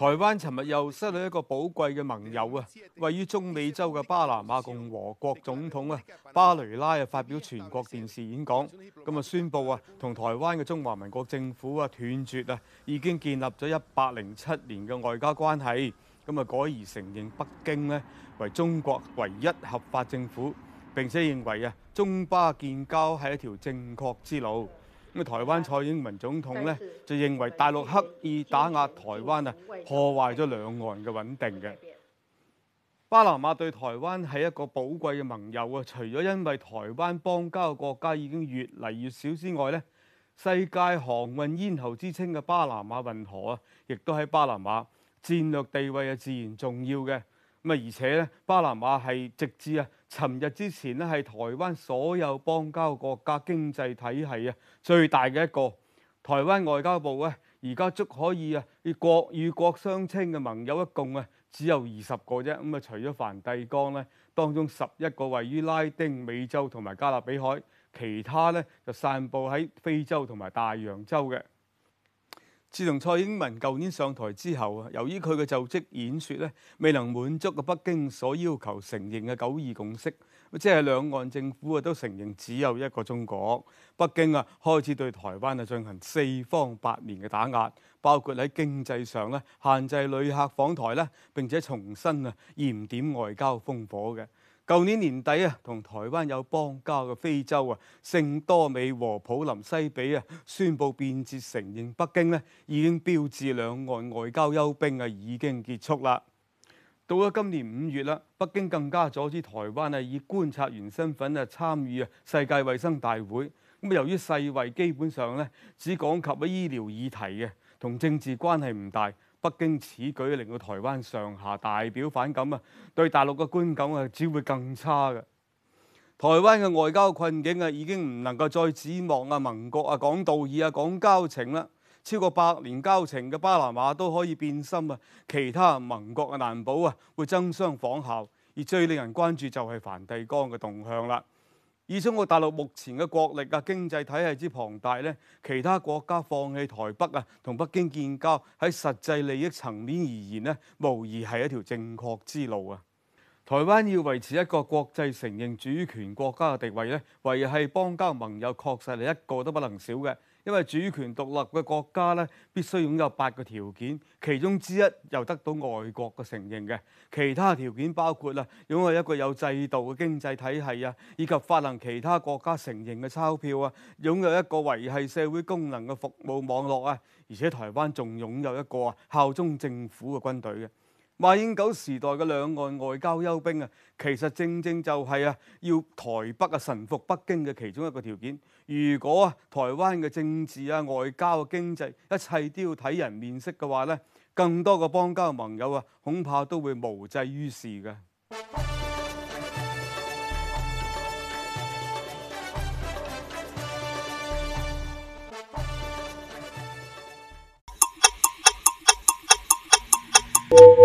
台灣尋日又失去一個寶貴嘅盟友啊！位於中美洲嘅巴拿馬共和國總統啊，巴雷拉啊發表全國電視演講，咁啊宣布啊同台灣嘅中華民國政府啊斷絕啊，已經建立咗一百零七年嘅外交關係，咁啊改而承認北京呢為中國唯一合法政府，並且認為啊中巴建交係一條正確之路。咁台灣蔡英文總統咧就認為大陸刻意打壓台灣啊，破壞咗兩岸嘅穩定嘅。巴拿馬對台灣係一個寶貴嘅盟友啊，除咗因為台灣邦交嘅國家已經越嚟越少之外咧，世界航運咽喉之稱嘅巴拿馬運河啊，亦都喺巴拿馬戰略地位自然重要嘅。而且巴拿馬係直至啊，尋日之前咧係台灣所有邦交國家經濟體係啊最大嘅一個。台灣外交部咧而家足可以啊，以國與國相稱嘅盟友一共啊只有二十個啫。咁啊除咗梵蒂岡咧，當中十一個位於拉丁美洲同埋加勒比海，其他咧就散布喺非洲同埋大洋洲嘅。自從蔡英文舊年上台之後，由於佢嘅就職演説未能滿足北京所要求承認嘅九二共識，即係兩岸政府啊都承認只有一個中國，北京啊開始對台灣啊進行四方八面嘅打壓，包括喺經濟上咧限制旅客訪台咧，並且重新啊燃點外交烽火嘅。舊年年底啊，同台灣有邦交嘅非洲啊，聖多美和普林西比啊，宣布變節承認北京咧，已經標誌兩岸外交休兵啊，已經結束啦。到咗今年五月啦，北京更加阻止台灣啊，以觀察員身份啊參與啊世界衞生大會。咁由於世衞基本上咧，只講及啊醫療議題同政治關係唔大。北京此舉令到台灣上下大表反感啊，對大陸嘅觀感啊，只會更差嘅。台灣嘅外交困境啊，已經唔能夠再指望啊盟國啊講道義啊講交情啦。超過百年交情嘅巴拿馬都可以變心啊，其他盟國嘅難保啊會爭相仿效，而最令人關注就係梵蒂岡嘅動向啦。以中國大陸目前嘅國力啊、經濟體系之龐大呢，其他國家放棄台北啊，同北京建交，喺實際利益層面而言呢，無疑係一條正確之路啊！台灣要維持一個國際承認主權國家嘅地位咧，維繫邦交盟友確實係一個都不能少嘅。因為主權獨立嘅國家咧，必須擁有八個條件，其中之一又得到外國嘅承認嘅。其他條件包括啊，擁有一個有制度嘅經濟體系啊，以及發行其他國家承認嘅鈔票啊，擁有一個維繫社會功能嘅服務網絡啊，而且台灣仲擁有一個效忠政府嘅軍隊嘅。馬英九時代嘅兩岸外交休兵啊，其實正正就係啊，要台北啊臣服北京嘅其中一個條件。如果啊台灣嘅政治啊，外交啊，經濟一切都要睇人面色嘅話咧，更多嘅邦交盟友啊，恐怕都會無濟於事嘅。